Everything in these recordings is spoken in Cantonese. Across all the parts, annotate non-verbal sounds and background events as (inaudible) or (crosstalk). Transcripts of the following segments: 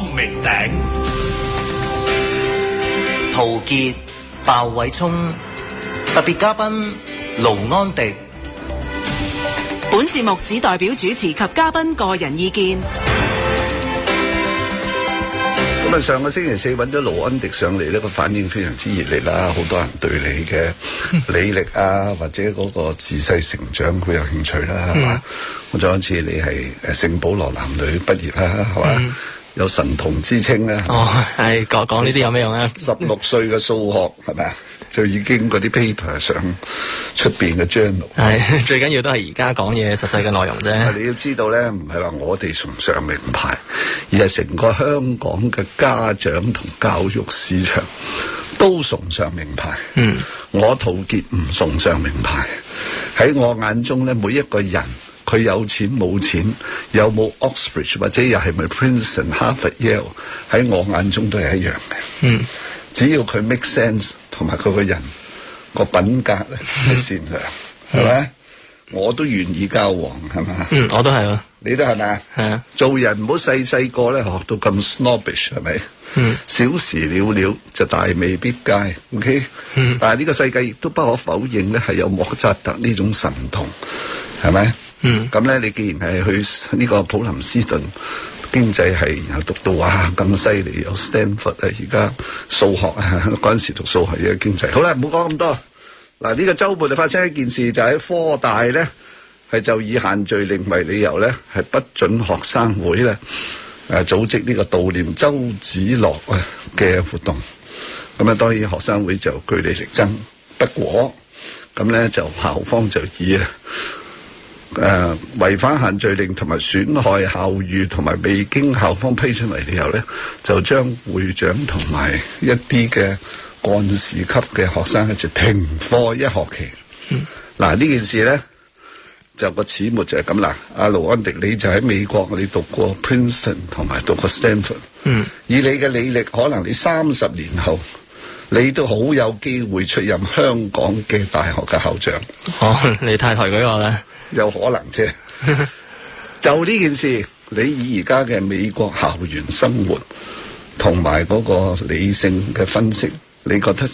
光明頂，陶傑、鮑偉聰，特別嘉賓盧安迪。本節目只代表主持及嘉賓個人意見。咁啊，上個星期四揾咗盧安迪上嚟呢個反應非常之熱烈啦。好多人對你嘅履歷啊， (laughs) 或者嗰個自細成長，好有興趣啦，係嘛？我再講一次，你係聖保羅男女畢業啦，係嘛？ (laughs) 有神童之稱咧，哦，係講講呢啲有咩用啊？十六歲嘅數學係咪就已經嗰啲 paper 上出邊嘅 journal？係、哎、最緊要都係而家講嘢實際嘅內容啫。你要知道咧，唔係話我哋崇尚名牌，而係成個香港嘅家長同教育市場都崇尚名牌。嗯，我陶傑唔崇尚名牌。喺我眼中咧，每一個人。佢有錢冇錢，又有冇 Oxford 或者又係咪 Princeton、哈佛、Yale 喺我眼中都係一樣嘅。嗯，只要佢 make sense 同埋佢個人個品格咧係善良，係、嗯、咪、嗯？我都願意交往，係咪？嗯，我都係啊，你都係咪？係啊。做人唔好細細個咧學到咁 snobbish，係咪？嗯。小事了了就大未必佳，OK 嗯。但係呢個世界亦都不可否認咧，係有莫扎特呢種神童，係咪？嗯，咁咧，你既然係去呢個普林斯頓經濟系，然後讀到啊咁犀利，有 Stanford 啊，而家數學啊，嗰陣時讀數學嘅經濟，好啦，唔好講咁多。嗱，呢個周末就發生一件事，就喺、是、科大咧，係就以限聚令為理由咧，係不准學生會咧誒組織呢個悼念周子樂嘅活動。咁啊，當然學生會就據理力爭不果，不過咁咧就校方就以啊。誒、呃，違反限聚令同埋損害校譽同埋未經校方批准嚟嘅理由咧，就將會長同埋一啲嘅幹事級嘅學生喺度停課一學期。嗱、嗯、呢、啊、件事咧，就個始末就係咁啦。阿、啊、盧安迪，你就喺美國你讀過 Princeton 同埋讀過 Stanford。嗯，以你嘅履歷，可能你三十年後你都好有機會出任香港嘅大學嘅校長。好、哦，你太抬舉我啦～有可能啫，就呢件事，你以而家嘅美國校園生活同埋嗰個理性嘅分析，你覺得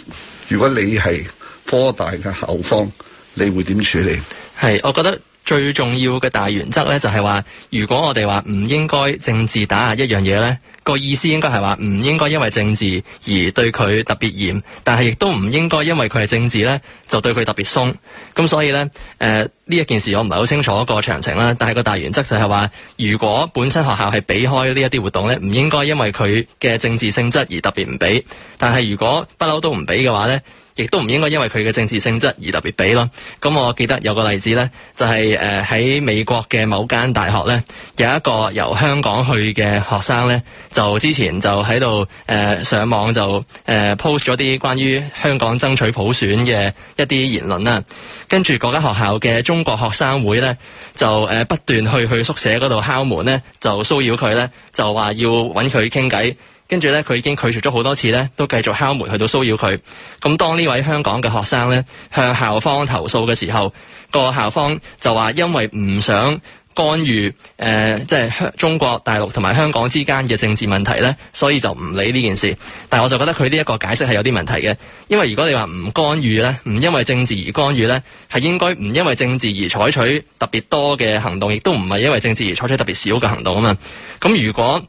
如果你係科大嘅校方，你會點處理？係，我覺得。最重要嘅大原則呢，就係話，如果我哋話唔應該政治打壓一樣嘢呢，個意思應該係話唔應該因為政治而對佢特別嚴，但係亦都唔應該因為佢係政治呢，就對佢特別鬆。咁所以呢，誒呢一件事我唔係好清楚個詳情啦，但係個大原則就係話，如果本身學校係俾開呢一啲活動呢，唔應該因為佢嘅政治性質而特別唔俾，但係如果不嬲都唔俾嘅話呢，亦都唔應該因為佢嘅政治性質而特別俾咯。咁我記得有個例子呢，就係誒喺美國嘅某間大學呢，有一個由香港去嘅學生呢，就之前就喺度誒上網就誒、呃、post 咗啲關於香港爭取普選嘅一啲言論啦、啊。跟住嗰間學校嘅中國學生會呢，就誒、呃、不斷去去宿舍嗰度敲門呢就騷擾佢呢就話要揾佢傾偈。跟住咧，佢已經拒絕咗好多次咧，都繼續敲門去到騷擾佢。咁當呢位香港嘅學生咧向校方投訴嘅時候，個校方就話因為唔想干預誒，即係香中國大陸同埋香港之間嘅政治問題咧，所以就唔理呢件事。但我就覺得佢呢一個解釋係有啲問題嘅，因為如果你話唔干預咧，唔因為政治而干預咧，係應該唔因為政治而採取特別多嘅行動，亦都唔係因為政治而採取特別少嘅行動啊嘛。咁如果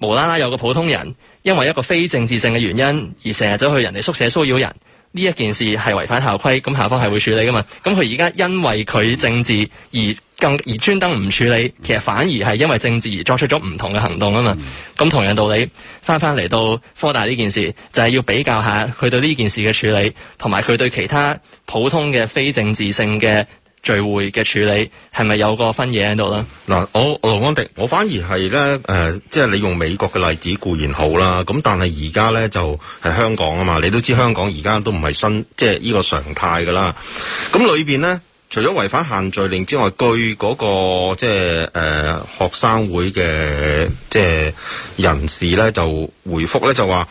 無啦啦有個普通人，因為一個非政治性嘅原因而成日走去人哋宿舍騷擾人呢一件事係違反校規，咁校方係會處理噶嘛？咁佢而家因為佢政治而更而專登唔處理，其實反而係因為政治而作出咗唔同嘅行動啊嘛。咁同樣道理，翻翻嚟，到科大呢件事，就係要比較下佢對呢件事嘅處理，同埋佢對其他普通嘅非政治性嘅聚會嘅處理係咪有個分野喺度咧？嗱、哦，我我盧安迪，我反而係咧，誒、呃，即係你用美國嘅例子固然好啦。咁但係而家咧就係、是、香港啊嘛，你都知香港而家都唔係新即係呢個常態噶啦。咁裏面咧，除咗違反限聚令之外，據嗰、那個即係誒、呃、學生會嘅即係人士咧，就回覆咧就話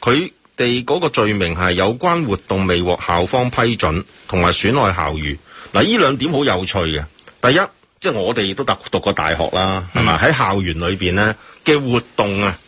佢哋嗰個罪名係有關活動未獲校方批准選外，同埋損害校譽。嗱，呢兩點好有趣嘅。第一，即係我哋都讀讀過大學啦，係、嗯、嘛？喺校園裏面咧嘅活動啊，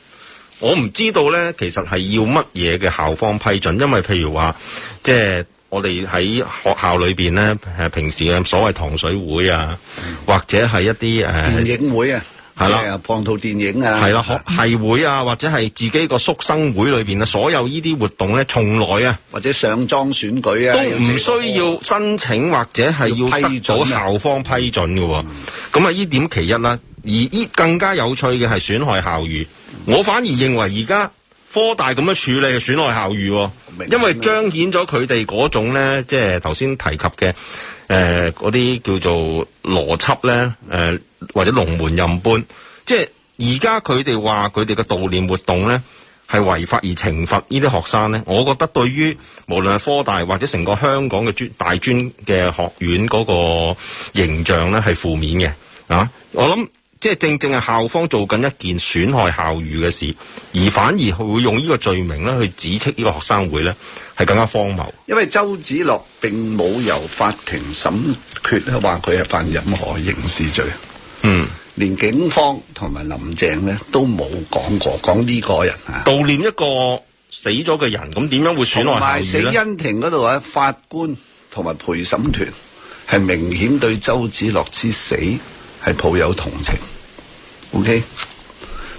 我唔知道咧，其實係要乜嘢嘅校方批准？因為譬如話，即係我哋喺學校裏面咧，平時嘅所謂糖水會啊、嗯，或者係一啲誒，影會啊！係啦、啊，放、就、套、是、電影啊！係啦、啊，係會啊，或者係自己個宿生會裏邊啊，所有呢啲活動咧，從來啊，或者上莊選舉啊，都唔需要申請或者係要，要批咗、啊、校方批准喎、哦。咁、嗯、啊，呢點其一啦。而依更加有趣嘅係損害校譽、嗯。我反而認為而家科大咁樣處理嘅損害校譽、哦，因為彰顯咗佢哋嗰種咧，即係頭先提及嘅誒，嗰、呃、啲叫做邏輯咧，誒、嗯。呃或者龍門任搬，即係而家佢哋話佢哋嘅悼念活動咧係違法而懲罰呢啲學生咧，我覺得對於無論係科大或者成個香港嘅專大專嘅學院嗰個形象咧係負面嘅啊！我諗即係正正係校方做緊一件損害校譽嘅事，而反而會用呢個罪名咧去指斥呢個學生會咧係更加荒謬，因為周梓樂並冇由法庭審決話佢係犯任何刑事罪。嗯，連警方同埋林鄭咧都冇講過，講呢個人啊。悼念一個死咗嘅人，咁點樣會選埋死？恩庭嗰度啊，法官同埋陪審團係明顯對周子樂之死係抱有同情，OK？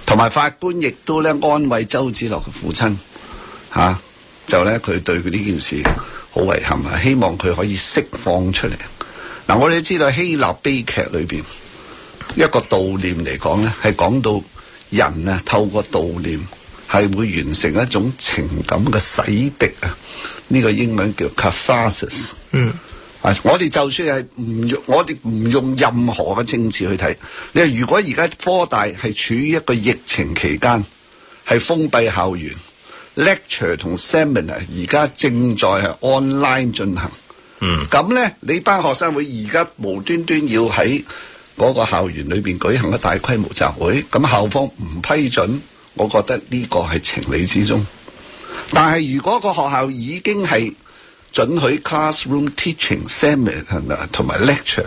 同埋法官亦都咧安慰周子樂嘅父親，吓、啊、就咧佢對佢呢件事好遺憾啊，希望佢可以釋放出嚟。嗱、啊，我哋都知道希臘悲劇裏邊。一個悼念嚟講咧，係講到人啊，透過悼念係會完成一種情感嘅洗滌啊。呢、這個英文叫 catharsis。嗯，啊，我哋就算係唔用，我哋唔用任何嘅政治去睇。你話，如果而家科大係處於一個疫情期間，係封閉校園，lecture 同 seminar 而家正在係 online 進行。嗯，咁咧，你班學生會而家無端端要喺。嗰、那個校園裏邊舉行一大規模集會，咁校方唔批准，我覺得呢個係情理之中。但係如果個學校已經係准許 classroom teaching seminar 同埋 lecture，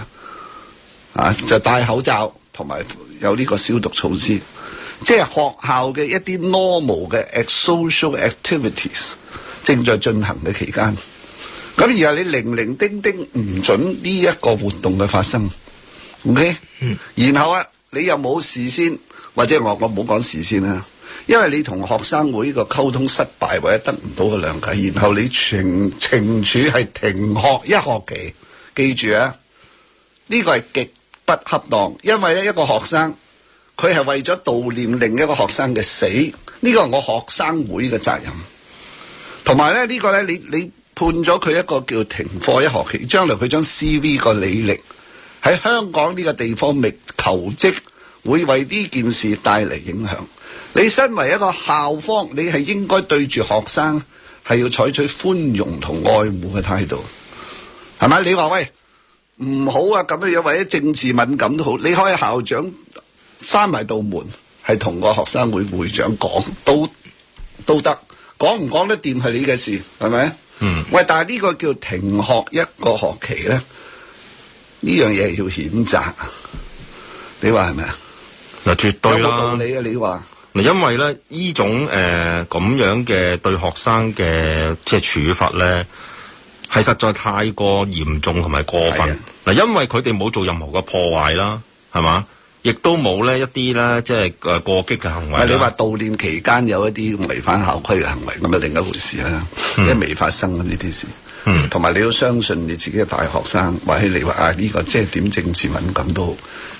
啊就戴口罩同埋有呢個消毒措施，即、就、係、是、學校嘅一啲 normal 嘅 social activities 正在進行嘅期間，咁而家你零零丁丁唔准呢一個活動嘅發生。O、okay? K，、嗯、然後啊，你又冇事先，或者我我冇講事先啦，因為你同學生會個溝通失敗或者得唔到個諒解，然後你懲懲處係停學一學期，記住啊，呢、這個係極不恰當，因為咧一個學生，佢係為咗悼念另一個學生嘅死，呢、這個係我學生會嘅責任，同埋咧呢、這個咧你你判咗佢一個叫停課一學期，將來佢將 C V 個履歷。喺香港呢個地方覓求職，會為呢件事帶嚟影響。你身為一個校方，你係應該對住學生係要採取寬容同愛護嘅態度，係咪？你話喂唔好啊，咁樣樣或者政治敏感都好，你可以校長閂埋道門，係同個學生會會長講都都得，講唔講得掂係你嘅事，係咪？嗯，喂，但係呢個叫停學一個學期咧。呢樣嘢要譴責，你話係咪啊？嗱，絕對啦，有冇道理啊？你話嗱，因為咧呢種誒咁樣嘅對學生嘅即係處罰咧，係實在太過嚴重同埋過分。嗱，因為佢哋冇做任何嘅破壞啦，係嘛，亦都冇咧一啲咧即係誒過激嘅行為。你話悼念期間有一啲違反校規嘅行為，咁啊另一回事啦，即係未發生呢啲事。嗯，同埋你要相信你自己嘅大學生你，或者你話啊呢個即係點政治敏感都好，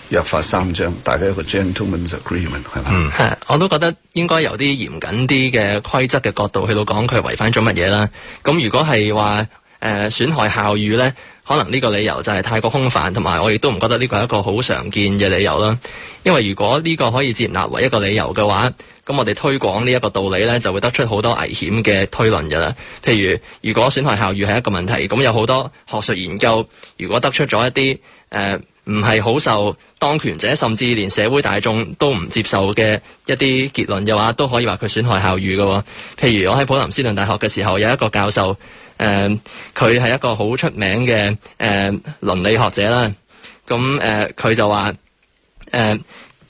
約法三章，大家有一個 gentleman's agreement 係嘛？嗯，我都覺得應該由啲嚴謹啲嘅規則嘅角度去到講佢違反咗乜嘢啦。咁如果係話誒損害校譽咧？可能呢個理由就係太過空泛，同埋我亦都唔覺得呢個係一個好常見嘅理由啦。因為如果呢個可以接納為一個理由嘅話，咁我哋推廣呢一個道理呢，就會得出好多危險嘅推論嘅啦。譬如，如果損害校譽係一個問題，咁有好多學術研究，如果得出咗一啲誒唔係好受當權者，甚至連社會大眾都唔接受嘅一啲結論嘅話，都可以話佢損害校譽嘅。譬如我喺普林斯頓大學嘅時候，有一個教授。誒、呃，佢係一個好出名嘅誒、呃、倫理學者啦。咁、呃、誒，佢就話，誒、呃，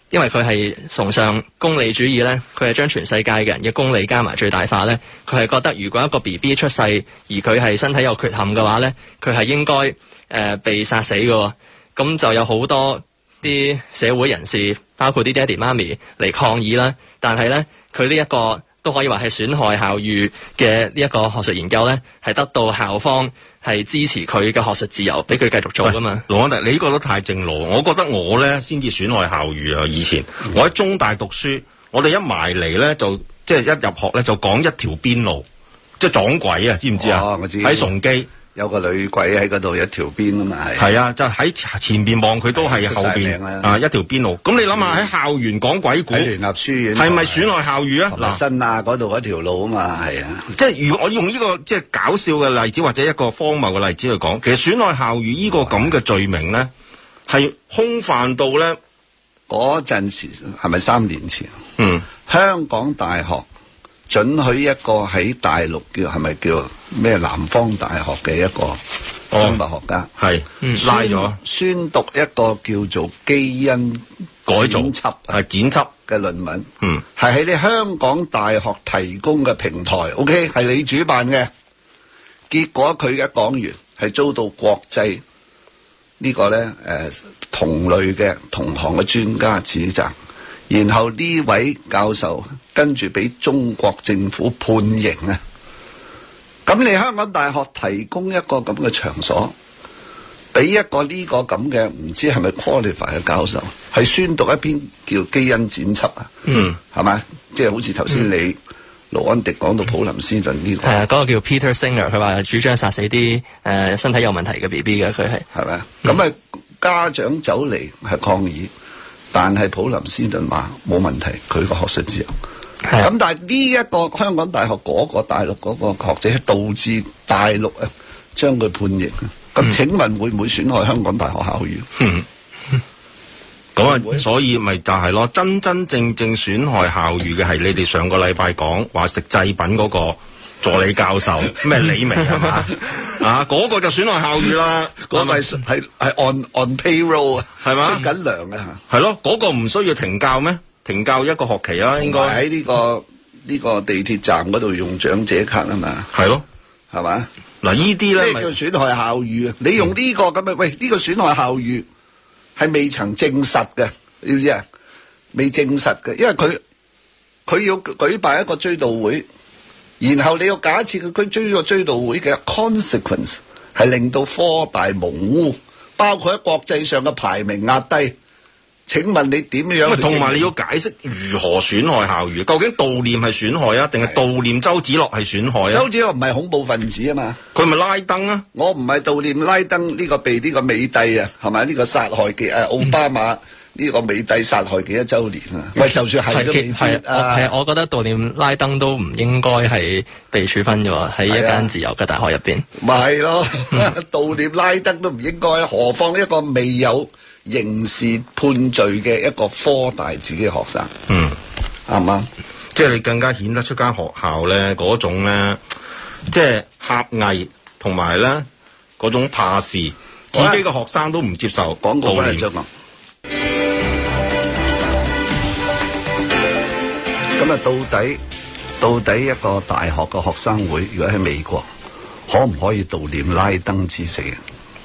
因為佢係崇尚功利主義咧，佢係將全世界嘅人嘅功利加埋最大化咧。佢係覺得如果一個 BB 出世而佢係身體有缺陷嘅話咧，佢係應該誒、呃、被殺死嘅。咁就有好多啲社會人士，包括啲爹哋媽咪嚟抗議啦。但係咧，佢呢一個。都可以話係損害校譽嘅呢一個學術研究咧，係得到校方係支持佢嘅學術自由，俾佢繼續做噶嘛。盧安迪，你呢個都太正路，我覺得我咧先至損害校譽啊。以前、嗯、我喺中大讀書，我哋一埋嚟咧就即係一入學咧就講一條邊路，即係、就是、撞鬼啊！知唔知啊？喺、哦、崇基。有個女鬼喺嗰度，有條邊啊嘛係。係啊，就喺前邊望佢都係後邊啊，一條邊路。咁你諗下喺校園講鬼故喺聯合書院，係咪損害校譽啊？立新啊嗰度嗰條路啊嘛係啊， (laughs) 即係如我用呢、這個即係搞笑嘅例子或者一個荒謬嘅例子去講，其實損害校譽呢個咁嘅罪名咧，係空泛到咧嗰陣時係咪三年前？嗯，香港大學。准許一個喺大陸叫係咪叫咩南方大學嘅一個生物學家，係拉咗宣讀一個叫做基因改造，係剪輯嘅論文，嗯，係喺你香港大學提供嘅平台，OK，係你主辦嘅，結果佢一講完，係遭到國際呢個咧誒同類嘅同行嘅專家指責，然後呢位教授。跟住俾中國政府判刑啊！咁你香港大學提供一個咁嘅場所，俾一個呢個咁嘅唔知係咪 qualify 嘅教授，係宣讀一篇叫《基因剪輯》啊？嗯，係咪？即、就、係、是、好似頭先你、嗯、盧安迪講到普林斯頓呢、這個、嗯、啊，嗰、那個叫 Peter Singer，佢話主張殺死啲、呃、身體有問題嘅 B B 嘅，佢係係咪？咁啊，嗯、家長走嚟係抗議，但係普林斯頓話冇問題，佢個學術自由。咁、啊、但係呢一個香港大學嗰個大陸嗰個學者導致大陸啊將佢判刑，咁、嗯、請問會唔會損害香港大學校譽？咁、嗯、啊，所以咪就係咯，真真正正損害校譽嘅係你哋上個禮拜講話食製品嗰個助理教授咩 (laughs) 李明係嘛啊？嗰、那個就損害校譽啦，嗰、嗯那個係係按按 payroll 糧，啊，係嘛？出緊糧啊，係咯，嗰、那個唔需要停教咩？停教一個學期啦、啊，應該喺呢、這個呢、嗯這個地鐵站嗰度用長者卡啊嘛，係咯、哦，係嘛？嗱，呢啲咧即係叫損害校譽啊！你用呢、這個咁啊，喂，呢、這個損害校譽係未曾證實嘅，知唔知啊？未證實嘅，因為佢佢要舉辦一個追悼會，然後你要假設佢佢追個追悼會嘅 consequence 係令到科大蒙污，包括喺國際上嘅排名壓低。請問你點樣？咁啊，同埋你要解釋如何損害校譽？究竟悼念係損害啊，定係悼念周梓樂係損害啊？周梓樂唔係恐怖分子啊嘛，佢咪拉登啊？我唔係悼念拉登呢個被呢個美帝啊，係咪呢個殺害嘅啊奧巴馬呢個美帝殺害嘅一周年啊？喂，就算係都係啊，係我覺得悼念拉登都唔應該係被處分嘅喎，喺一間自由嘅大學入邊，咪係咯？悼念拉登都唔應該，何況一個未有。刑事判罪嘅一個科大自己嘅學生，嗯啱唔啱？即係你更加顯得出一間學校咧嗰種咧，即係狹隘同埋咧嗰種怕事，自己嘅學生都唔接受悼念。咁啊，到底到底一個大學嘅學生會，如果喺美國，可唔可以悼念拉登之死？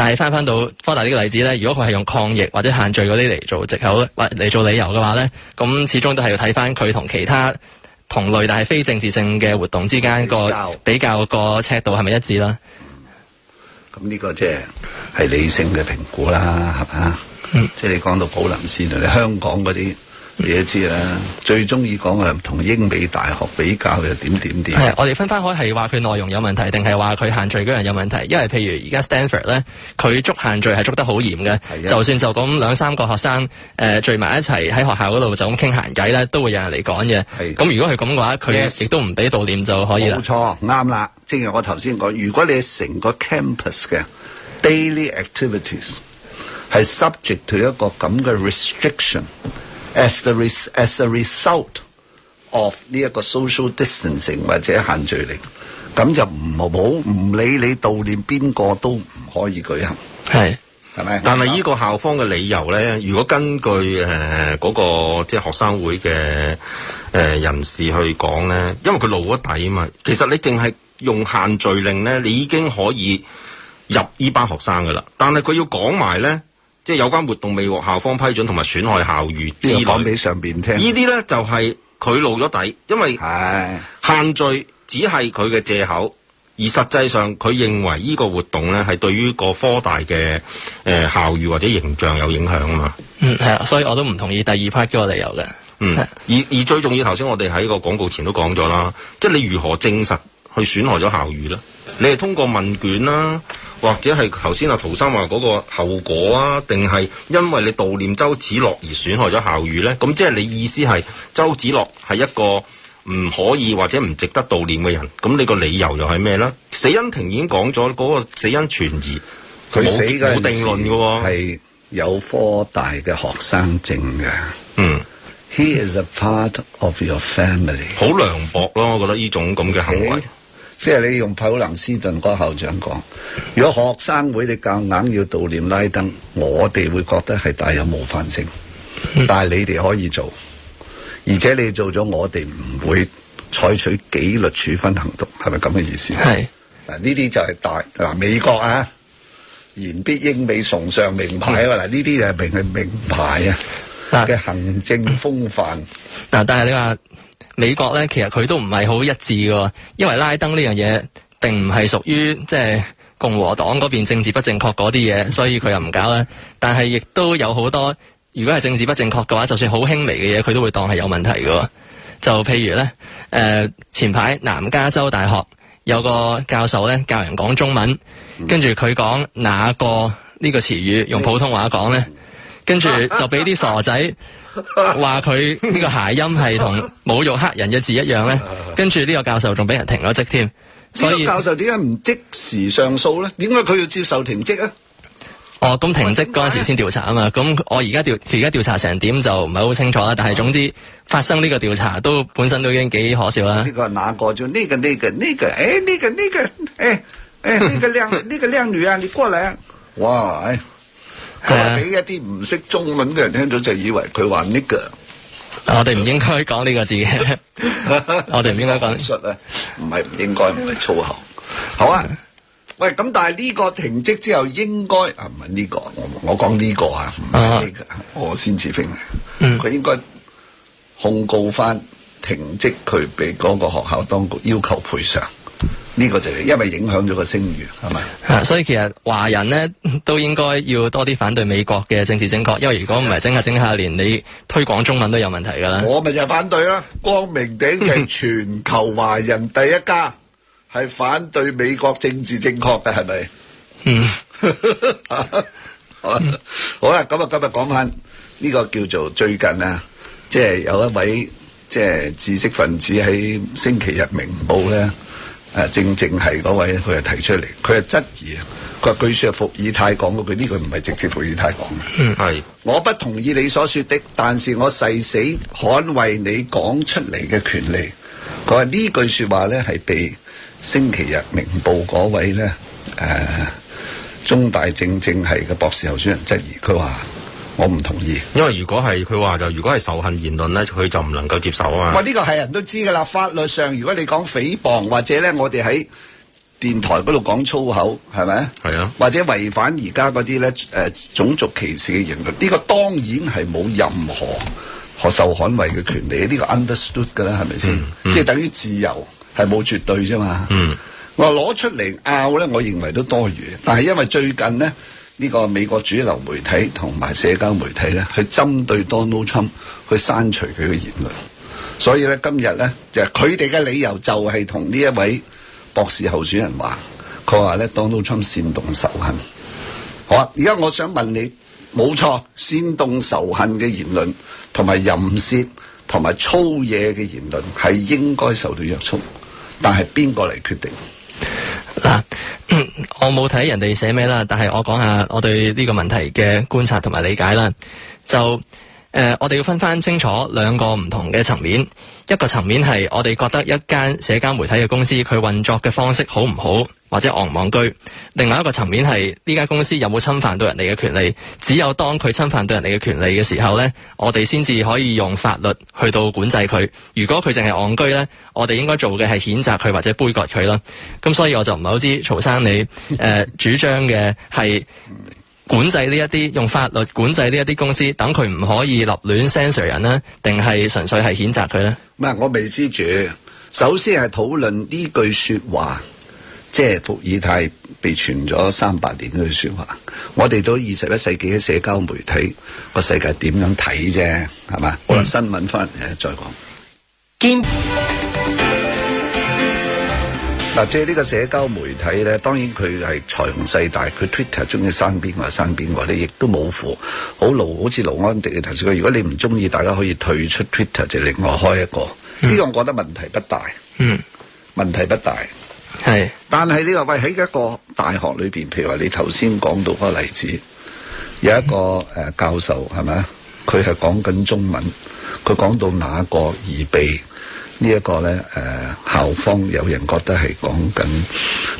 但係翻翻到科大呢個例子咧，如果佢係用抗疫或者限聚嗰啲嚟做借口或嚟做理由嘅話咧，咁始終都係要睇翻佢同其他同類但係非政治性嘅活動之間個比較個尺度係咪一致啦？咁、嗯、呢個即係係理性嘅評估啦，係嘛、嗯？即係你講到寶林先啦，你香港嗰啲。你都知啦，最中意講嘅同英美大學比較又點點點。係，我哋分翻開係話佢內容有問題，定係話佢限聚嗰樣有問題？因為譬如而家 Stanford 咧，佢捉限聚係捉得好嚴嘅，就算就咁兩三個學生誒、呃、聚埋一齊喺學校嗰度就咁傾閒偈咧，都會有人嚟講嘅。咁如果係咁嘅話，佢亦都唔俾悼念就可以啦。冇錯，啱啦。正如我頭先講，如果你成個 campus 嘅 daily activities 係 subject to 一個咁嘅 restriction。as a result of 呢一個 social distancing 或者限聚令，咁就唔好唔理你悼念邊個都唔可以舉行，係，係咪？但係呢個校方嘅理由咧，如果根據誒嗰、呃嗰個即係學生會嘅誒人士去講咧，因為佢露咗底啊嘛，其實你淨係用限聚令咧，你已經可以入依班學生噶啦，但係佢要講埋咧。即係有關活動未獲校方批准同埋損害校譽之類，講俾上邊聽。這些呢啲咧就係、是、佢露咗底，因為係限聚只係佢嘅借口，而實際上佢認為依個活動咧係對於個科大嘅誒校譽或者形象有影響啊嘛。嗯，係啊，所以我都唔同意第二 part 嘅理由嘅。嗯，而而最重要，頭先我哋喺個廣告前都講咗啦，即係你如何證實去損害咗校譽咧？你係通過問卷啦。或者係頭先阿陶生話嗰個後果啊，定係因為你悼念周子樂而損害咗校譽咧？咁即係你意思係周子樂係一個唔可以或者唔值得悼念嘅人？咁你個理由又係咩咧？死因庭已經講咗嗰個死因存疑，佢冇冇定論嘅，係有科大嘅學生證嘅。嗯，He is a part of your family。好涼薄咯，我覺得呢種咁嘅行為。Okay. 即係你用普林斯頓嗰校長講，如果學生會你夾硬要悼念拉登，我哋會覺得係帶有冒犯性，但係你哋可以做，而且你做咗，我哋唔會採取紀律處分行動，係咪咁嘅意思？係嗱，呢啲就係大嗱美國啊，言必英美崇尚名牌啊嗱，呢啲係名名牌啊嘅行政風範。但但係你話。美國呢，其實佢都唔係好一致喎。因為拉登呢樣嘢並唔係屬於即係共和黨嗰邊政治不正確嗰啲嘢，所以佢又唔搞啦。但係亦都有好多，如果係政治不正確嘅話，就算好輕微嘅嘢，佢都會當係有問題喎。就譬如呢，誒、呃、前排南加州大學有個教授呢，教人講中文，嗯、跟住佢講那個呢個詞語，用普通話講呢，跟住就俾啲傻仔。話佢呢個諧音係同侮辱黑人嘅字一樣咧。 (laughs) 跟住呢個教授仲俾人停咗職添，所以、這個教授點解唔即時上訴咧？點解佢要接受停職啊？哦，咁停職嗰陣時先調查啊嘛，咁我而家調而家調查成點就唔係好清楚啦，但係總之發生呢個調查都本身都已經幾可笑啦。呢、這個哪個？就呢個呢個呢個，誒呢個呢個，誒誒呢個靚呢、欸那個靚女、欸那個、 (laughs) 啊，你過來。哇！佢俾一啲唔識中文嘅人聽到就以為佢話呢個，我哋唔應該講呢個字嘅， (laughs) 我哋唔應該講出啊，唔係唔應該唔係粗口，好啊，嗯、喂，咁但係呢個停職之後應該係係呢個？我我講呢、這個、這個、啊，呢個我先至聽，佢、嗯、應該控告翻停職，佢俾嗰個學校當局要求賠償。呢、這個就係因為影響咗個聲譽，係咪、啊？所以其實華人咧都應該要多啲反對美國嘅政治正確，因為如果唔係整下整下，連你推廣中文都有問題噶啦。我咪就係反對啦！光明頂係全球華人第一家，係 (laughs) 反對美國政治正確嘅，係咪？嗯 (laughs) (laughs) 好， (laughs) 好啦，咁啊，今日講翻呢、這個叫做最近啊，即、就、係、是、有一位即係、就是、知識分子喺星期日明報咧，誒，正正係嗰位，佢係提出嚟，佢係質疑啊。佢話據説係伏爾泰講嘅，佢呢句唔係直接伏爾泰講嘅。嗯，係我不同意你所說的，但是我誓死捍衛你講出嚟嘅權利。佢話呢句説話咧係被星期日明報嗰位咧誒、呃、中大正正係嘅博士候選人質疑，佢話。我唔同意，因為如果係佢話就，如果係仇恨言論咧，佢就唔能夠接受啊嘛。喂，呢個係人都知噶啦，法律上如果你講誹謗或者咧，我哋喺電台嗰度講粗口係咪？係啊。或者違反而家嗰啲咧誒種族歧視嘅言論，呢個當然係冇任何可受捍衛嘅權利，呢個 understood 噶啦，係咪先？即係等於自由係冇絕對啫嘛。嗯。我話攞出嚟拗咧，我認為都多餘，但係因為最近咧。嗯呢呢、個美國主流媒體同埋社交媒體咧，去針對 Donald Trump 去刪除佢嘅言論，所以咧今日咧，就係佢哋嘅理由就係同呢一位博士候選人話，佢話咧 Donald Trump 煽動仇恨。好啊，而家我想問你，冇錯，煽動仇恨嘅言論同埋淫褻同埋粗野嘅言論係應該受到約束，但係邊個嚟決定？嗱，我冇睇人哋寫咩啦，但係我講下我對呢個問題嘅觀察同埋理解啦。就誒、呃，我哋要分翻清楚兩個唔同嘅層面，一個層面係我哋覺得一間社交媒體嘅公司，佢運作嘅方式好唔好。或者昂唔昂居，另外一個層面係呢間公司有冇侵犯到人哋嘅權利？只有當佢侵犯到人哋嘅權利嘅時候咧，我哋先至可以用法律去到管制佢。如果佢淨係昂居咧，我哋應該做嘅係譴責佢或者杯葛佢啦。咁所以我就唔係好知陶生你誒、 (laughs) 呃、主張嘅係管制呢一啲用法律管制呢一啲公司，等佢唔可以立亂 censor 人咧，定係純粹係譴責佢咧？唔係我未知住，首先係討論呢句說話。即係伏爾泰被傳咗三百年嘅說話，我哋到二十一世紀嘅社交媒體個世界點樣睇啫？係嘛？好啦，新聞翻嚟再講。堅、嗯、嗱，即係呢個社交媒體咧，當然佢係財雄勢大，佢 Twitter 中意刪邊個刪邊個，你亦都冇符。好盧，好似盧安迪嘅頭先講，如果你唔中意，大家可以退出 Twitter，就另外開一個。呢、嗯這個我覺得問題不大。嗯，問題不大。係，但係你話喂喺一個大學裏邊，譬如話你頭先講到嗰個例子，有一個誒、呃、教授係咪啊？佢係講緊中文，佢講到哪個易備呢一、這個咧？誒、呃，校方有人覺得係講緊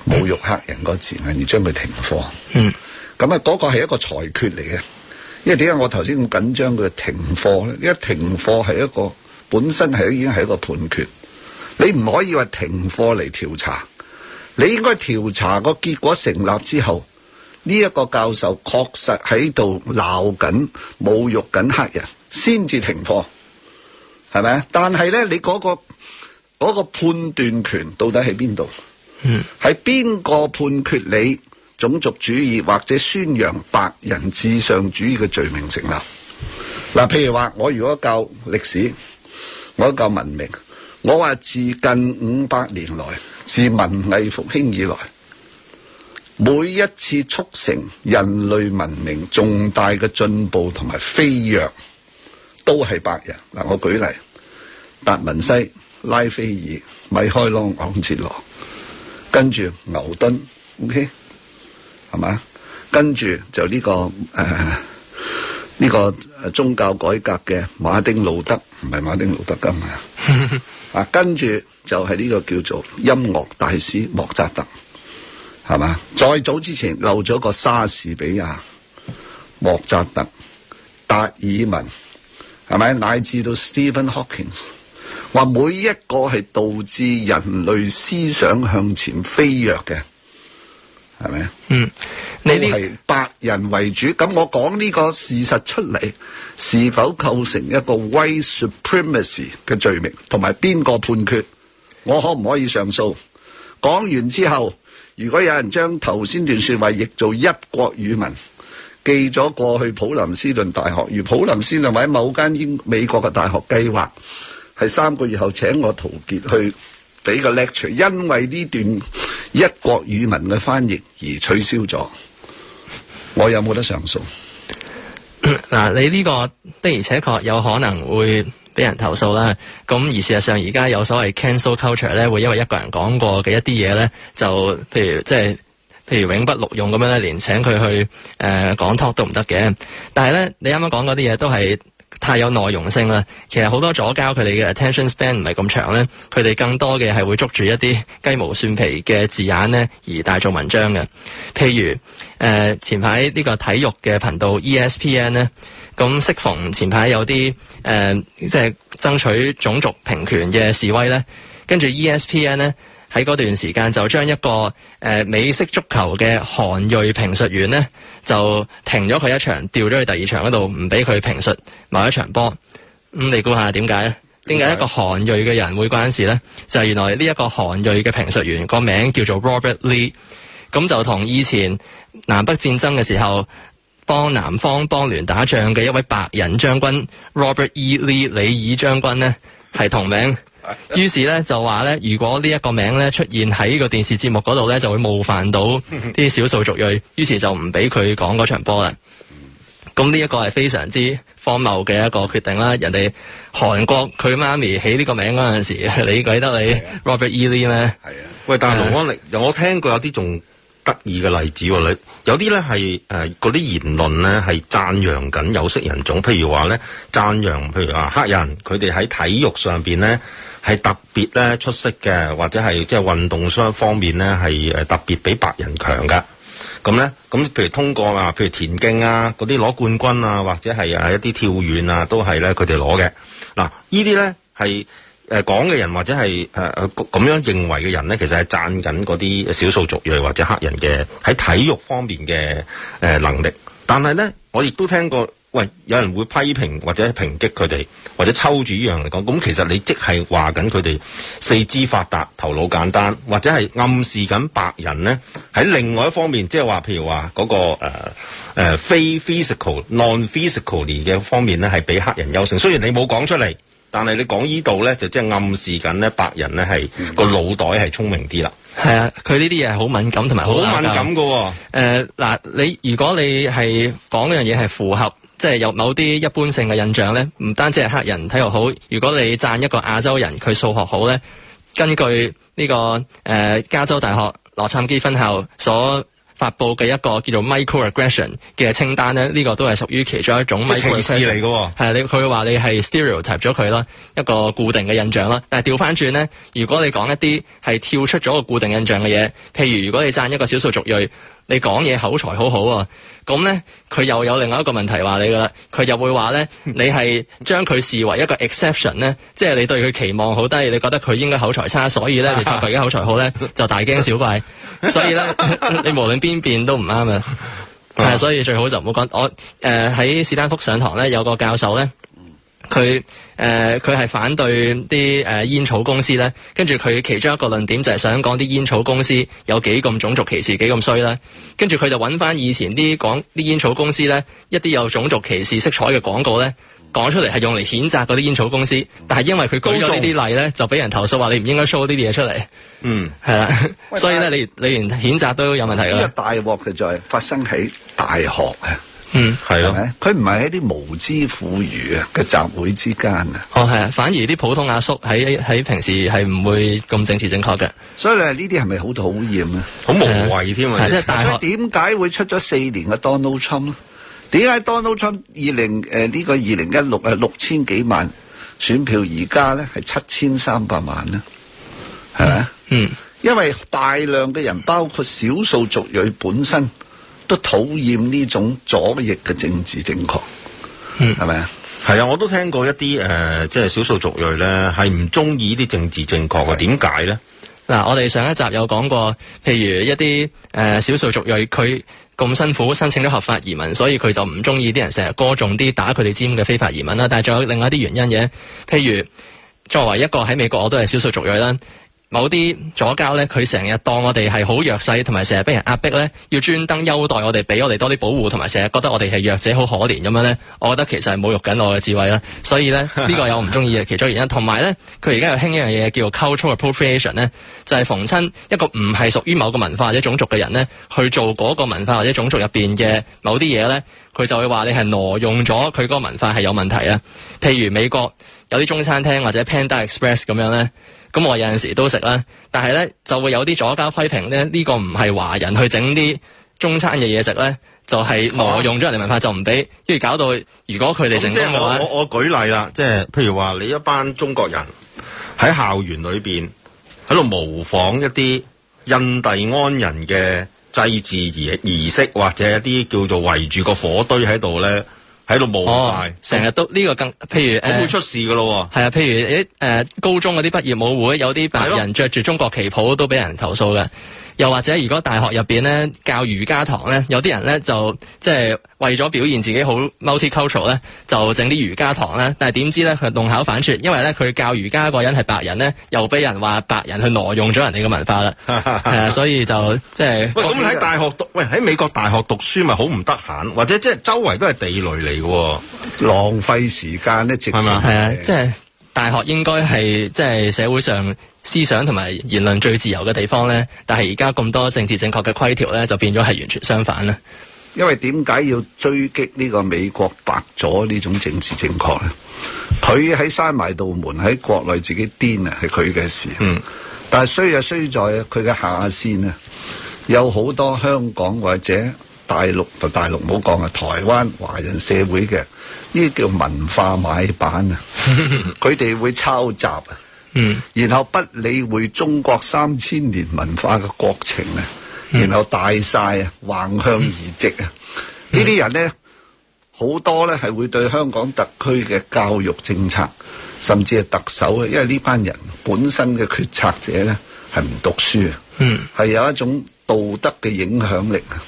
侮辱黑人個字眼，而將佢停課。嗯，咁啊，嗰、那個係一個裁決嚟嘅因為點解我頭先咁緊張佢停課咧？因為停課係一個本身係已經係一個判決，你唔可以話停課嚟調查。你應該調查個結果成立之後，呢、這、一個教授確實喺度鬧緊、侮辱緊黑人，先至停課，係咪啊？但係咧、那個，你嗰個嗰個判斷權到底喺邊度？嗯，係邊個判決你種族主義或者宣揚白人至上主義嘅罪名成立？嗱，譬如話我如果教歷史，我教文明。我話自近五百年來，自文藝復興以來，每一次促成人類文明重大嘅進步同埋飛躍，都係白人嗱。我舉例達文西、拉斐爾、米開朗、朗羅、昂哲羅，跟住牛頓，OK，係嘛？跟住就呢、這個誒呢、呃這個宗教改革嘅馬丁路德，唔係馬丁路德金啊。 (laughs) 啊，跟住就係呢個叫做音樂大師莫扎特，係嘛？再早之前，漏咗個莎士比亞、莫扎特、達爾文，係咪？乃至到 Stephen Hawking，話每一個係導致人類思想向前飛躍嘅，係咪？嗯。你係白人為主，咁我講呢個事實出嚟，是否構成一個 white supremacy 嘅罪名？同埋邊個判決？我可唔可以上訴？講完之後，如果有人將頭先段說話譯做一國語文，寄咗過去普林斯頓大學，而普林斯頓或者某間英美國嘅大學，計劃係三個月後請我陶傑去俾個 lecture，因為呢段一國語文嘅翻譯而取消咗。我有冇得上訴？嗱，你呢個的而且確有可能會俾人投訴啦。咁而事實上，而家有所謂 cancel culture 咧，會因為一個人講過嘅一啲嘢咧，就譬如即係、就是、譬如永不錄用咁樣咧，連請佢去誒、呃、講 talk 都唔得嘅。但係咧，你啱啱講嗰啲嘢都係。太有內容性啦，其實好多左膠佢哋嘅 attention span 唔係咁長咧，佢哋更多嘅係會捉住一啲雞毛蒜皮嘅字眼咧而大做文章嘅。譬如誒、呃、前排呢個體育嘅頻道 ESPN 咧，咁適逢前排有啲誒即係爭取種族平權嘅示威咧，跟住 ESPN 咧。喺嗰段時間就將一個誒、呃、美式足球嘅韓裔評述員呢，就停咗佢一場，掉咗去第二場嗰度，唔俾佢評述某一場波。咁、嗯、你估下點解呢？點解一個韓裔嘅人會關事呢？就係、原來呢一個韓裔嘅評述員個名叫做 Robert Lee，咁就同以前南北戰爭嘅時候幫南方邦聯打仗嘅一位白人將軍 Robert E. Lee 李爾將軍呢，係同名。 (laughs) 於是咧就話咧，如果呢一個名咧出現喺呢個電視節目嗰度咧，就會冒犯到啲少數族裔， (laughs) 於是就唔俾佢講嗰場波啦。咁呢一個係非常之荒謬嘅一個決定啦。人哋韓國佢媽咪起呢個名嗰陣時， (laughs) 你鬼得你 Robert E Lee 咧，係啊。喂，但係盧安迪，我聽過有啲仲得意嘅例子喎。你有啲咧係誒嗰啲言論咧係讚揚緊有色人種，譬如話咧讚揚譬如話黑人，佢哋喺體育上面咧。係特別咧出色嘅，或者係即係運動商方面咧，係誒特別比白人強噶。咁咧，咁譬如通過啊，譬如田徑啊，嗰啲攞冠軍啊，或者係一啲跳遠啊，都係咧佢哋攞嘅。嗱，呢啲咧係誒講嘅人或者係誒誒咁樣認為嘅人咧，其實係贊緊嗰啲少數族裔或者黑人嘅喺體育方面嘅誒、呃、能力。但係咧，我亦都聽過。喂，有人會批評或者係抨擊佢哋，或者抽住呢樣嚟講，咁其實你即係話緊佢哋四肢發達、頭腦簡單，或者係暗示緊白人呢？喺另外一方面，即係話譬如話嗰、那個誒誒、呃、非 physical、non-physical 嘅方面呢，係比黑人優勝。雖然你冇講出嚟，但係你講呢度呢，就即係暗示緊呢白人呢係個腦袋係聰明啲啦。係啊，佢呢啲嘢好敏感，同埋好敏感嘅、哦。誒，嗱，你如果你係講呢樣嘢係符合。即係有某啲一般性嘅印象咧，唔單止係黑人體育好。如果你讚一個亞洲人佢數學好咧，根據呢、這個誒、呃、加州大學洛杉磯分校所發布嘅一個叫做 microaggression 嘅清單咧，呢、這個都係屬於其中一種 microaggression 嚟嘅喎、哦。你佢會話你係 stereotype 咗佢啦，一個固定嘅印象啦。但係掉返轉咧，如果你講一啲係跳出咗個固定印象嘅嘢，譬如如果你讚一個少數族裔。你講嘢口才好好、哦、喎，咁咧佢又有另外一個問題話你噶啦，佢又會話咧，你係將佢視為一個 exception 咧， (laughs) 即係你對佢期望好低，你覺得佢應該口才差，所以咧其實佢而家口才好咧就大驚小怪，所以咧 (laughs) (laughs) 你無論邊邊都唔啱啊，係 (laughs) 所以最好就唔好講我誒喺史丹福上堂咧有個教授咧。佢誒佢係反對啲誒、呃、煙草公司咧，跟住佢其中一個論點就係想講啲煙草公司有幾咁種族歧視，幾咁衰啦。跟住佢就揾翻以前啲講啲煙草公司咧，一啲有種族歧視色彩嘅廣告咧，講出嚟係用嚟譴責嗰啲煙草公司，但係因為佢舉咗呢啲例咧，就俾人投訴話你唔應該 show 呢啲嘢出嚟。嗯，係啦，所以咧你你連譴責都有問題啦。一大鑊就係發生喺大學。嗯，係咯，佢唔係一啲無知腐儒嘅集會之間啊。哦，係啊，反而啲普通阿叔喺喺平時係唔會咁整齊整確嘅。所以呢啲係咪好討厭啊？好無謂添啊！即係大學點解會出咗四年嘅 Donald Trump 咧？點解 Donald Trump 二零誒呢、呃這個二零一六啊六千幾萬選票而家咧係七千三百萬呢係咪、嗯？嗯，因為大量嘅人包括少數族裔本身。都討厭呢種左翼嘅政治正確，嗯，係咪啊？係啊，我都聽過一啲誒，即係少數族裔咧，係唔中意啲政治正確嘅。點解咧？嗱、啊，我哋上一集有講過，譬如一啲誒少數族裔，佢咁辛苦申請咗合法移民，所以佢就唔中意啲人成日歌頌啲打佢哋尖嘅非法移民啦。但係仲有另外一啲原因嘅，譬如作為一個喺美國我都係少數族裔啦。某啲左膠咧，佢成日當我哋係好弱勢，同埋成日俾人壓迫咧，要專登優待我哋，俾我哋多啲保護，同埋成日覺得我哋係弱者，好可憐咁樣咧。我覺得其實係侮辱緊我嘅智慧啦。所以咧，呢個有唔中意嘅其中原因。同埋咧，佢而家又興一樣嘢叫做 cultural appropriation 咧，就係逢親一個唔係屬於某個文化或者種族嘅人咧，去做嗰個文化或者種族入面嘅某啲嘢咧，佢就會話你係挪用咗佢嗰個文化係有問題啊。譬如美國有啲中餐廳或者 Panda Express 咁樣咧。咁我有陣時都食啦，但係咧就會有啲左膠批評咧，呢、這個唔係華人去整啲中餐嘅嘢食咧，就係、是、挪用咗人哋文化就唔俾，跟住搞到如果佢哋成功嘅話，即係我我舉例啦，即、就、係、是、譬如話你一班中國人喺校園裏面，喺度模仿一啲印第安人嘅祭祀儀儀式，或者一啲叫做圍住個火堆喺度咧。喺度冇曬，成、哦、日都呢、這個更，譬如係會出事噶咯喎。係、呃、啊，譬如誒，誒、呃、高中嗰啲畢業舞會有啲白人着住中國旗袍都俾人投訴嘅。又或者，如果大學入面咧教瑜伽堂咧，有啲人咧就即係、就是、為咗表現自己好 multi-cultural 咧，就整啲瑜伽堂咧。但係點知咧佢弄巧反拙，因為咧佢教瑜伽嗰人係白人咧，又俾人話白人去挪用咗人哋嘅文化啦。 (laughs) 係啊，所以就即係咁喺大學讀，喂喺美國大學讀書咪好唔得閒，或者即係周圍都係地雷嚟喎， (laughs) 浪費時間呢，直接係啊，即、就是大學應該係即係社會上思想同埋言論最自由嘅地方咧，但係而家咁多政治正確嘅規條咧，就變咗係完全相反咧。因為點解要追擊呢個美國白左呢種政治正確咧？佢喺閂埋道門喺國內自己癲啊，係佢嘅事。嗯，但係衰又衰在佢嘅下線啊，有好多香港或者。大陸同大陸唔好講啊，台灣華人社會嘅呢啲叫文化買辦啊，佢 (laughs) 哋會抄襲啊，嗯，然後不理會中國三千年文化嘅國情啊，然後大晒啊，橫向移植啊， (laughs) 這些人呢啲人咧好多咧係會對香港特區嘅教育政策，甚至係特首啊，因為呢班人本身嘅決策者咧係唔讀書啊，嗯，係有一種道德嘅影響力啊。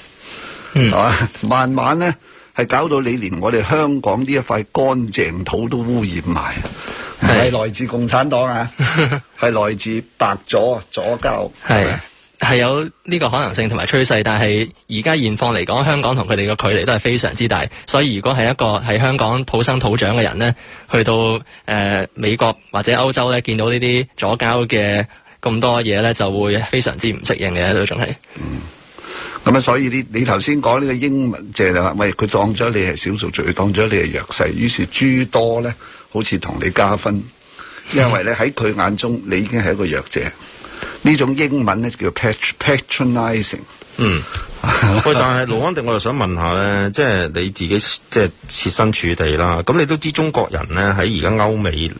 嗯、啊，慢慢呢，係搞到你連我哋香港呢一塊乾淨土都污染埋，係來自共產黨啊，係來自白左左膠，係係有呢個可能性同埋趨勢，但係而家現況嚟講，香港同佢哋嘅距離都係非常之大，所以如果係一個喺香港土生土長嘅人呢，去到誒、呃、美國或者歐洲呢，見到呢啲左膠嘅咁多嘢呢，就會非常之唔適應嘅，都仲係。嗯咁、嗯、啊，所以你你頭先講呢個英文借就話，喂，佢當咗你係少數族，當咗你係弱勢，於是諸多咧，好似同你加分，因為咧喺佢眼中，你已經係一個弱者。呢種英文咧叫 patr patronizing 嗯， (laughs) 喂，但係盧安迪，我又想問下咧，即係你自己即係設身處地啦。咁你都知中國人咧喺而家歐美嘅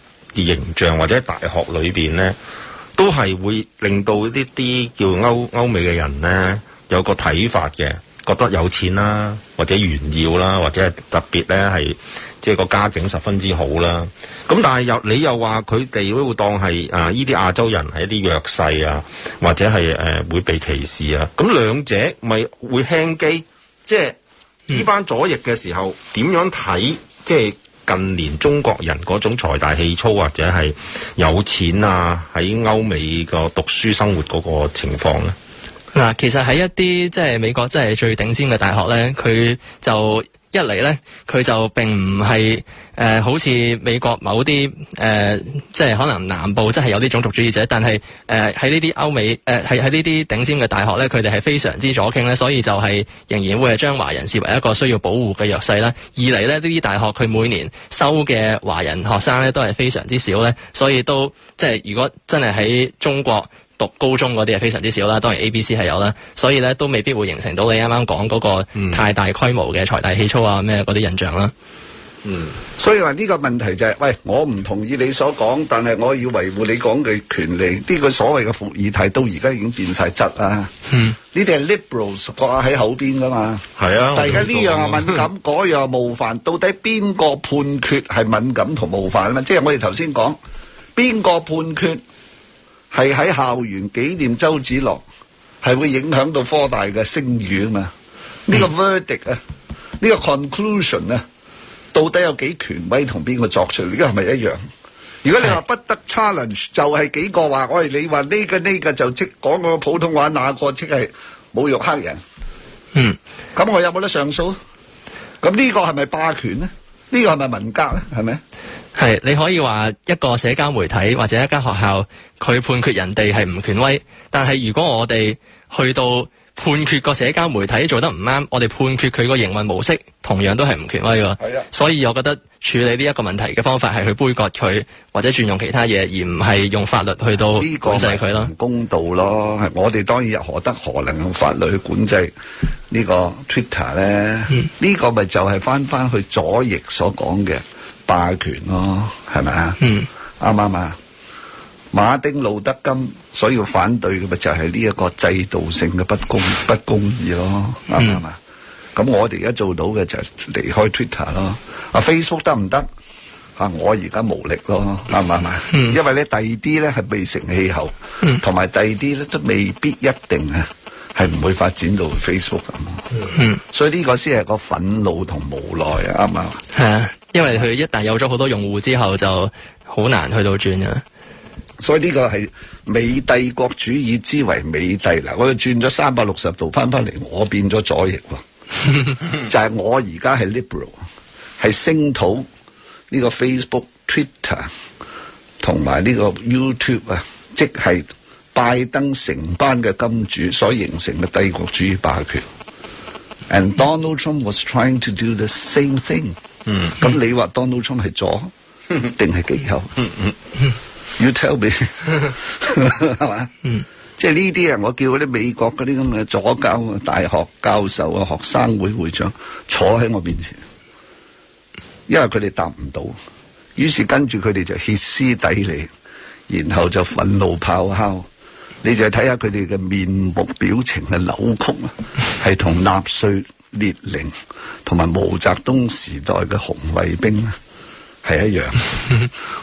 形象或者大學裏邊咧，都係會令到呢啲叫歐歐美嘅人咧。有個睇法嘅，覺得有錢啦，或者炫耀啦，或者係特別咧，係即係個家境十分之好啦。咁但係又你又話佢哋會當係啊呢啲亞洲人係一啲弱勢啊，或者係誒會被歧視啊。咁兩者咪會輕機，即係呢班左翼嘅時候點樣睇？即、嗯、係近年中國人嗰種財大氣粗，或者係有錢啊，喺歐美個讀書生活嗰個情況咧？嗱，其實喺一啲即係美國真係最頂尖嘅大學呢，佢就一嚟呢，佢就並唔係誒，好似美國某啲誒、呃，即係可能南部真係有啲種族主義者，但係誒喺呢啲歐美誒喺喺呢啲頂尖嘅大學呢，佢哋係非常之左傾呢，所以就係仍然會係將華人視為一個需要保護嘅弱勢啦。二嚟呢，呢啲大學佢每年收嘅華人學生呢，都係非常之少呢，所以都即係如果真係喺中國，讀高中嗰啲係非常之少啦，當然 A、B、C 係有啦，所以咧都未必會形成到你啱啱講嗰個太大規模嘅財大氣粗啊咩嗰啲印象啦。嗯，所以話呢個問題就係、是，喂，我唔同意你所講，但係我要維護你講嘅權利。呢、這個所謂嘅副議題到而家已經變晒質、嗯、啊。呢啲係 liberals 掛喺口邊噶嘛。係啊，但係而家呢樣係敏感，嗰、嗯、樣冒犯，到底邊個判決係敏感同冒犯啊？嘛，即係我哋頭先講邊個判決。係喺校園紀念周子樂，係會影響到科大嘅聲譽啊嘛！呢、嗯、個 verdict 啊，呢、這個 conclusion 啊，到底有幾權威同邊個作出來？呢個係咪一樣？如果你話不得 challenge，就係幾個話，我哋你話呢個呢個就即講個普通話，那個即係侮辱黑人？嗯，咁我有冇得上訴？咁呢個係咪霸權咧？呢、這個係咪文革咧？係咪？係，你可以話一個社交媒體或者一間學校，佢判決人哋係唔權威。但係如果我哋去到判決個社交媒體做得唔啱，我哋判決佢個營運模式，同樣都係唔權威噶。係啊，所以我覺得處理呢一個問題嘅方法係去杯葛佢，或者轉用其他嘢，而唔係用法律去到管制佢咯。這個，公道咯，我哋當然又何德何能用法律去管制呢個 Twitter 咧？呢、嗯這個咪就係翻翻去左翼所講嘅。霸權咯，係咪啊？啱唔啱啊？馬丁路德金所要反對嘅咪就係呢一個制度性嘅不公不公義咯，啱唔啱啊？咁我哋而家做到嘅就係離開 Twitter 咯，阿 Facebook 得唔得啊？我而家無力咯，啱唔啱啊？因為咧第二啲咧係未成氣候，同埋第二啲咧都未必一定啊，係唔會發展到 Facebook 咁啊。嗯，所以呢個先係個憤怒同無奈啊，啱唔啱？係啊。因為佢一旦有咗好多用戶之後，就好難去到轉啦。所以呢個係美帝國主義之為美帝嗱，我哋轉咗三百六十度翻翻嚟，我變咗左翼喎， (laughs) 就係我而家係 liberal，係聲討呢個 Facebook、Twitter 同埋呢個 YouTube 啊，即係拜登成班嘅金主所形成嘅帝國主義霸權。And Donald Trump was trying to do the same thing. 嗯，咁你話 Donald Trump 係左定係幾右？嗯嗯，You tell me 係嘛？嗯，嗯嗯嗯 (laughs) (laughs) 即係呢啲啊，我叫嗰啲美國嗰啲咁嘅左教大學教授啊、學生會會長坐喺我面前，因為佢哋答唔到，於是跟住佢哋就歇斯底里，然後就憤怒咆哮，你就睇下佢哋嘅面目表情嘅扭曲啊，係同納粹。列寧同埋毛澤東時代嘅紅衛兵咧，係一樣。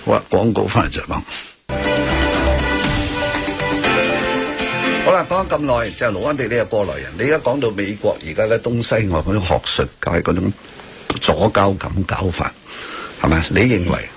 好啦，廣告翻嚟就講。好啦，講咗咁耐，就盧安迪，你係過來人，你而家講到美國而家嘅東西外嗰種學術，就係嗰種左膠噉搞法，係咪？你認為？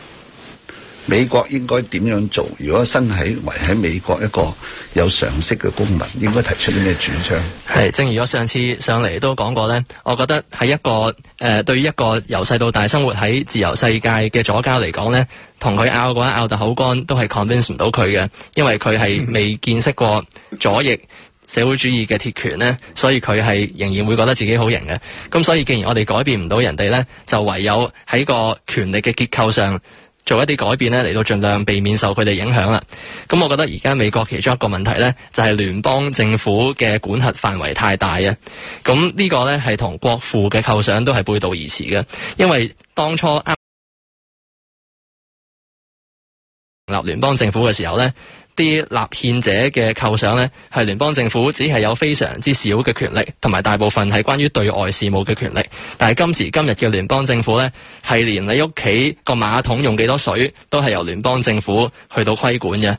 美國應該點樣做？如果身喺為喺美國一個有常識嘅公民，應該提出啲咩主張？係，正如我上次上嚟都講過咧，我覺得喺一個誒、呃，對於一個由細到大生活喺自由世界嘅左膠嚟講咧，同佢拗嘅話拗得口乾，都係 convince 唔到佢嘅，因為佢係未見識過左翼社會主義嘅鐵拳咧，所以佢係仍然會覺得自己好型嘅。咁所以，既然我哋改變唔到人哋咧，就唯有喺個權力嘅結構上。做一啲改變呢，嚟到盡量避免受佢哋影響啦。咁我覺得而家美國其中一個問題呢，就係聯邦政府嘅管轄範圍太大啊。咁呢個呢，係同國父嘅構想都係背道而馳嘅，因為當初啱立聯邦政府嘅時候呢啲立憲者嘅構想呢，係聯邦政府只係有非常之少嘅權力，同埋大部分係關於對外事務嘅權力。但係今時今日嘅聯邦政府呢，係連你屋企個馬桶用幾多水都係由聯邦政府去到規管嘅。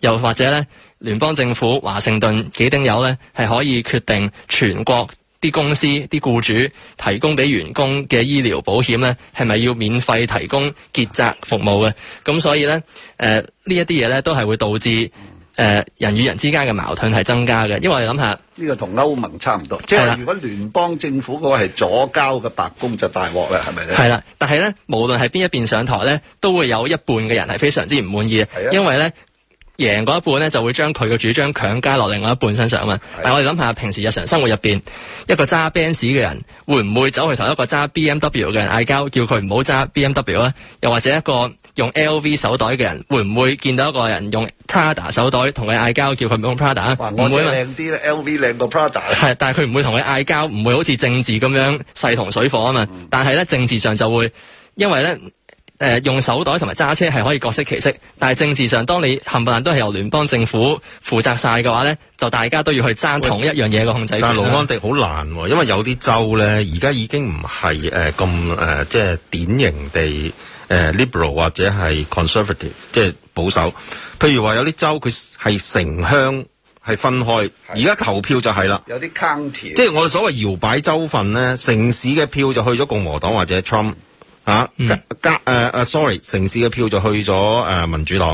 又或者呢，聯邦政府華盛頓幾丁友呢，係可以決定全國。啲公司、啲雇主提供俾員工嘅醫療保險咧，係咪要免費提供結紮服務嘅？咁所以咧，誒呢一啲嘢咧，都係會導致誒、呃、人與人之間嘅矛盾係增加嘅。因為你諗下呢個同歐盟差唔多，即係如果聯邦政府嗰個係左膠嘅白宮就大鑊啦，係咪咧？係啦，但係咧，無論係邊一邊上台咧，都會有一半嘅人係非常之唔滿意嘅，因為咧。贏嗰一半咧，就會將佢嘅主張強加落另外一半身上啊嘛。但係我哋諗下平時日常生活入邊，一個揸 Benz 嘅人會唔會走去同一個揸 BMW 嘅人嗌交，叫佢唔好揸 BMW 咧？又或者一個用 LV 手袋嘅人會唔會見到一個人用 Prada 手袋同佢嗌交，叫佢唔好用 Prada 啊？我靚啲咧，LV 靚過 Prada。係，但係佢唔會同佢嗌交，唔會好似政治咁樣勢同水火啊嘛。嗯、但係咧，政治上就會，因為咧。誒、呃、用手袋同埋揸車係可以各色其色，但係政治上，當你冚唪唥都係由聯邦政府負責晒嘅話咧，就大家都要去爭同一樣嘢嘅控制。但係盧安迪好難、哦，因為有啲州咧，而家已經唔係誒咁誒，即係典型地誒 liberal、呃、或者係 conservative，即係保守。譬如話有啲州佢係城鄉係分開，而家投票就係啦，有啲 county，即係我哋所謂搖擺州份咧，城市嘅票就去咗共和黨或者 Trump。啊，誒、嗯、誒、啊啊，sorry，城市嘅票就去咗誒、啊、民主黨，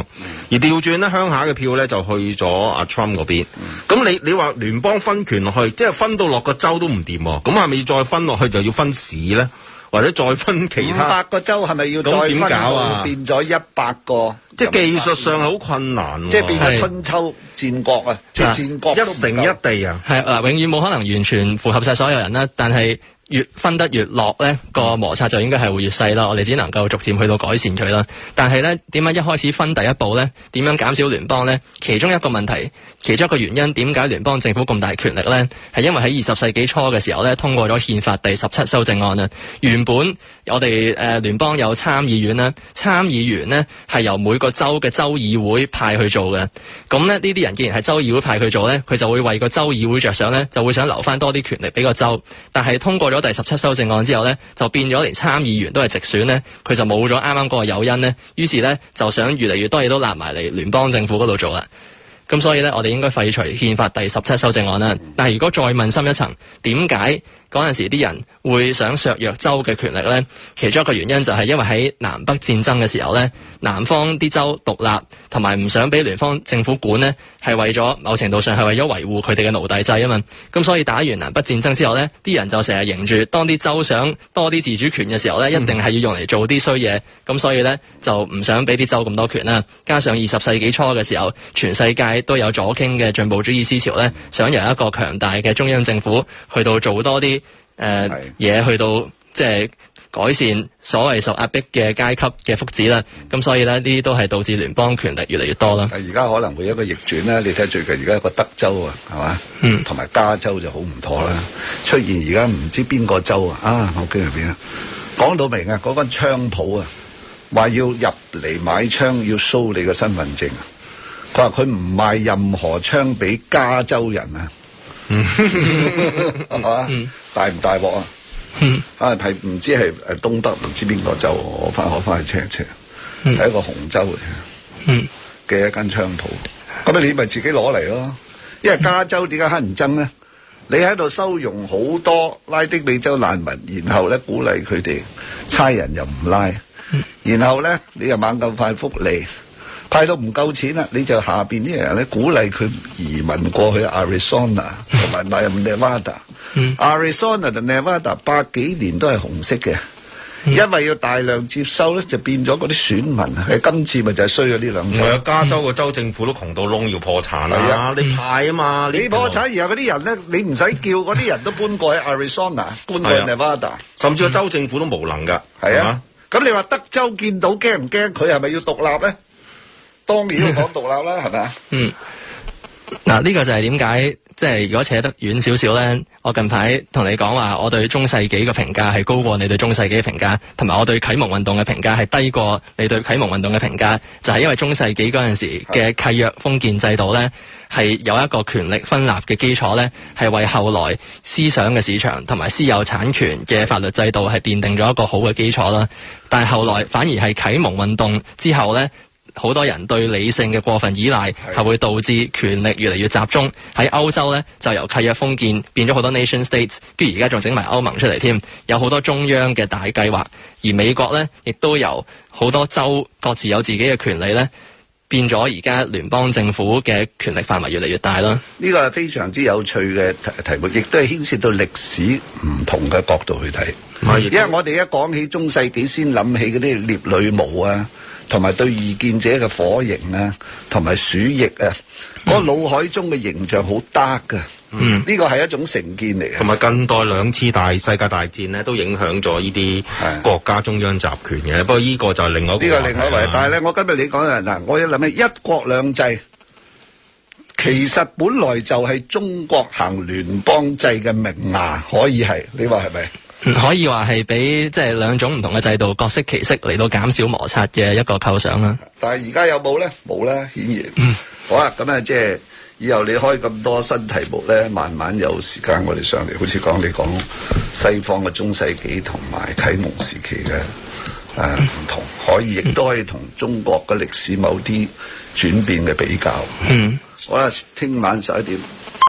而調轉咧鄉下嘅票咧就去咗阿 Trump 嗰邊。咁、啊、你你話聯邦分權落去，即係分到落個州都唔掂、啊，咁係咪再分落去就要分市咧，或者再分其他？一、嗯、百個州係咪要再分？點搞啊？變咗一百個，即係技術上好困難、啊。即、就、係、是、變咗春秋戰國啊，是啊戰國一城一地啊，係、啊、永遠冇可能完全符合晒所有人啦、啊，但係。越分得越落，呢個摩擦就應該係會越細啦。我哋只能夠逐漸去到改善佢啦。但係呢點解，為什麼一開始分第一步呢？點樣減少聯邦呢？其中一個問題，其中一個原因，點解聯邦政府咁大權力呢？係因為喺二十世紀初嘅時候呢，通過咗憲法第十七修正案啊。原本。我哋誒聯邦有參議院啦。參議員呢係由每個州嘅州議會派去做嘅。咁呢呢啲人既然係州議會派去做呢，佢就會為個州議會着想呢，就會想留翻多啲權力俾個州。但係通過咗第十七修正案之後呢，就變咗連參議員都係直選呢，佢就冇咗啱啱嗰個誘因呢。於是呢，就想越嚟越多嘢都攬埋嚟聯邦政府嗰度做啦。咁所以呢，我哋應該廢除憲法第十七修正案啦。但係如果再問深一層，點解？嗰陣時啲人會想削弱州嘅權力呢，其中一個原因就係因為喺南北戰爭嘅時候呢，南方啲州獨立同埋唔想俾聯邦政府管呢，係為咗某程度上係為咗維護佢哋嘅奴隸制啊嘛。咁所以打完南北戰爭之後呢，啲人就成日認住，當啲州想多啲自主權嘅時候呢，一定係要用嚟做啲衰嘢。咁所以呢，就唔想俾啲州咁多權啦。加上二十世紀初嘅時候，全世界都有左傾嘅進步主義思潮呢，想由一個強大嘅中央政府去到做多啲。誒、呃，嘢去到即係、就是、改善所謂受壓迫嘅階級嘅福祉啦。咁、嗯嗯、所以咧，呢啲都係導致聯邦權力越嚟越多啦。而家可能會有一個逆轉啦。你睇下最近而家一個德州啊，係嘛？同、嗯、埋加州就好唔妥啦、嗯。出現而家唔知邊個州啊？啊，我驚入邊啊。講到明啊，嗰間槍鋪啊，話要入嚟買槍要 show 你個身份證啊。佢話佢唔賣任何槍俾加州人啊。係 (laughs) 嘛、 (laughs) 啊嗯？大唔大鑊啊、嗯？啊，係唔知係誒東德唔知邊個州？我翻我翻去 check 一 check，係一個紅州嘅、嘅、嗯、一間倉庫。咁你咪自己攞嚟咯。因為加州點解黑人憎咧？你喺度收容好多拉丁美洲難民，然後咧鼓勵佢哋差人又唔拉，然後咧你又猛咁快福利。派到唔夠錢啦，你就下邊啲人咧鼓勵佢移民過去 Arizona 同埋內亞 Nevada。 (laughs) Arizona 同 Nevada 百幾年都係紅色嘅， (laughs) 因為要大量接收咧，就變咗嗰啲選民。係今次咪就係衰咗呢兩州。我、啊、加州嘅州政府都窮到窿，要破產啦、啊。啊，你派啊嘛，你破產然後嗰啲人咧，你唔使叫嗰啲人都搬過去 Arizona， (laughs) 搬過去 Nevada。甚至個州政府都無能噶。係啊，咁、啊嗯、你話德州見到驚唔驚？佢係咪要獨立咧？當然講獨立啦，係咪啊？嗯。嗱，呢個就係點解，即係如果扯得遠少少呢，我近排同你講話，我對中世紀嘅評價係高過你對中世紀嘅評價，同埋我對啟蒙運動嘅評價係低過你對啟蒙運動嘅評價，就係因為中世紀嗰陣時嘅契約封建制度呢，係有一個權力分立嘅基礎呢，係為後來思想嘅市場同埋私有產權嘅法律制度係奠定咗一個好嘅基礎啦。但係後來反而係啟蒙運動之後呢。好多人對理性嘅過分依賴，係會導致權力越嚟越集中。喺歐洲呢，就由契約封建變咗好多 nation states，跟住而家仲整埋歐盟出嚟添。有好多中央嘅大計劃，而美國呢，亦都由好多州各自有自己嘅權利呢，變咗而家聯邦政府嘅權力範圍越嚟越大啦。呢個係非常之有趣嘅題目，亦都係牽涉到歷史唔同嘅角度去睇。係。因為我哋一講起中世紀，先諗起嗰啲獵女巫啊。同埋對異見者嘅火刑呀、啊，同埋鼠疫啊，嗰、嗯嗰個腦海中嘅形象好 dark 㗎。嗯呢個係一種成見嚟嘅。同埋近代兩次大世界大戰咧，都影響咗呢啲國家中央集權嘅。不過呢個就係另外一個。呢、呢個另外一個、啊，但係咧，我今日你講嘅，嗱，我要諗起「一國兩制」，其實本來就係中國行聯邦制嘅名啊可以係，你話係咪？可以話係俾，即係兩種唔同嘅制度各色其色嚟到減少摩擦嘅一個構想啦。但係而家有冇咧？冇啦，顯然。嗯、好啦，咁啊，即係以後你開咁多新題目咧，慢慢有時間我哋上嚟。好似講你講西方嘅中世紀同埋啟蒙時期嘅誒唔同，可以亦都、嗯、可以同中國嘅歷史某啲轉變嘅比較。嗯，我諗聽晚十一點。